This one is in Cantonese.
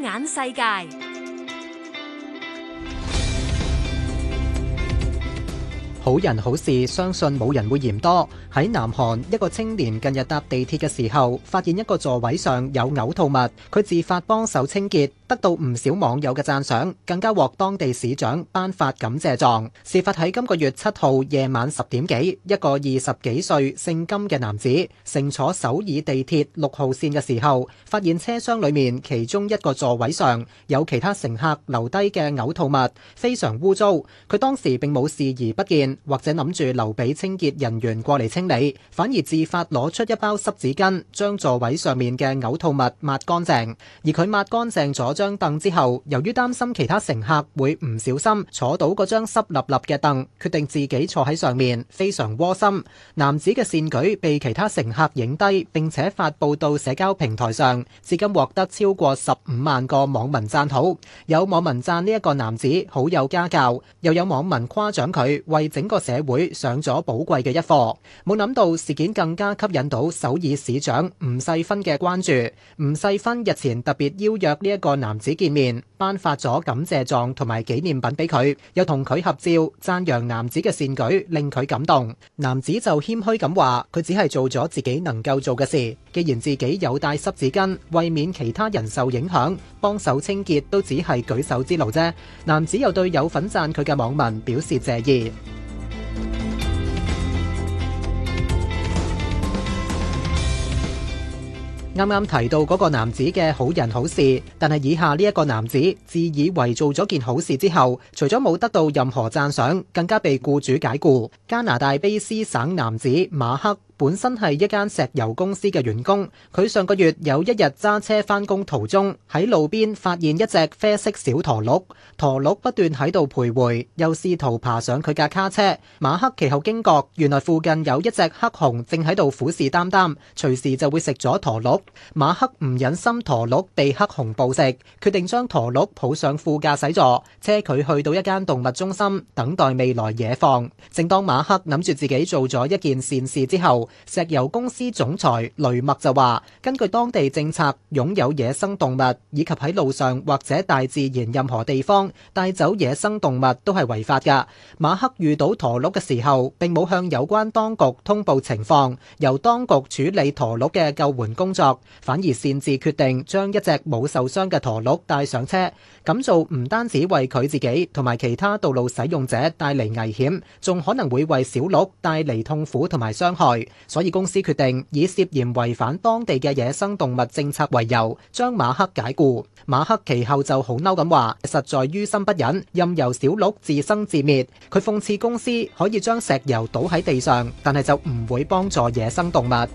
眼世界。好人好事，相信冇人會嫌多。喺南韓，一個青年近日搭地鐵嘅時候，發現一個座位上有嘔吐物，佢自發幫手清潔，得到唔少網友嘅讚賞，更加獲當地市長頒發感謝狀。事發喺今個月七號夜晚十點幾，一個二十幾歲姓金嘅男子乘坐首爾地鐵六號綫嘅時候，發現車廂裏面其中一個座位上有其他乘客留低嘅嘔吐物，非常污糟。佢當時並冇視而不見。或者諗住留俾清潔人員過嚟清理，反而自發攞出一包濕紙巾，將座位上面嘅嘔吐物抹乾淨。而佢抹乾淨咗張凳之後，由於擔心其他乘客會唔小心坐到嗰張濕立立嘅凳，決定自己坐喺上面，非常窩心。男子嘅善舉被其他乘客影低，並且發佈到社交平台上，至今獲得超過十五萬個網民讚好。有網民讚呢一個男子好有家教，又有網民誇獎佢為整個社會上咗寶貴嘅一課，冇諗到事件更加吸引到首爾市長吳世勳嘅關注。吳世勳日前特別邀約呢一個男子見面，頒發咗感謝狀同埋紀念品俾佢，又同佢合照，讚揚男子嘅善舉令佢感動。男子就謙虛咁話：佢只係做咗自己能夠做嘅事，既然自己有帶濕紙巾，為免其他人受影響，幫手清潔都只係舉手之勞啫。男子又對有份讚佢嘅網民表示謝意。啱啱提到嗰個男子嘅好人好事，但係以下呢一個男子自以為做咗件好事之後，除咗冇得到任何讚賞，更加被僱主解僱。加拿大卑斯省男子馬克。本身係一間石油公司嘅員工，佢上個月有一日揸車返工途中，喺路邊發現一隻啡色小駝鹿，駝鹿不斷喺度徘徊，又試圖爬上佢架卡車。馬克其後驚覺原來附近有一隻黑熊正喺度虎視眈眈，隨時就會食咗駝鹿。馬克唔忍心駝鹿被黑熊捕食，決定將駝鹿抱上副駕駛座，車佢去到一間動物中心，等待未來野放。正當馬克諗住自己做咗一件善事之後，石油公司總裁雷默就話：根據當地政策，擁有野生動物以及喺路上或者大自然任何地方帶走野生動物都係違法噶。馬克遇到駝鹿嘅時候，並冇向有關當局通報情況，由當局處理駝鹿嘅救援工作，反而擅自決定將一隻冇受傷嘅駝鹿帶上車，咁做唔單止為佢自己同埋其他道路使用者帶嚟危險，仲可能會為小鹿帶嚟痛苦同埋傷害。所以公司決定以涉嫌違反當地嘅野生動物政策為由，將馬克解僱。馬克其後就好嬲咁話，實在於心不忍，任由小鹿自生自滅。佢諷刺公司可以將石油倒喺地上，但係就唔會幫助野生動物。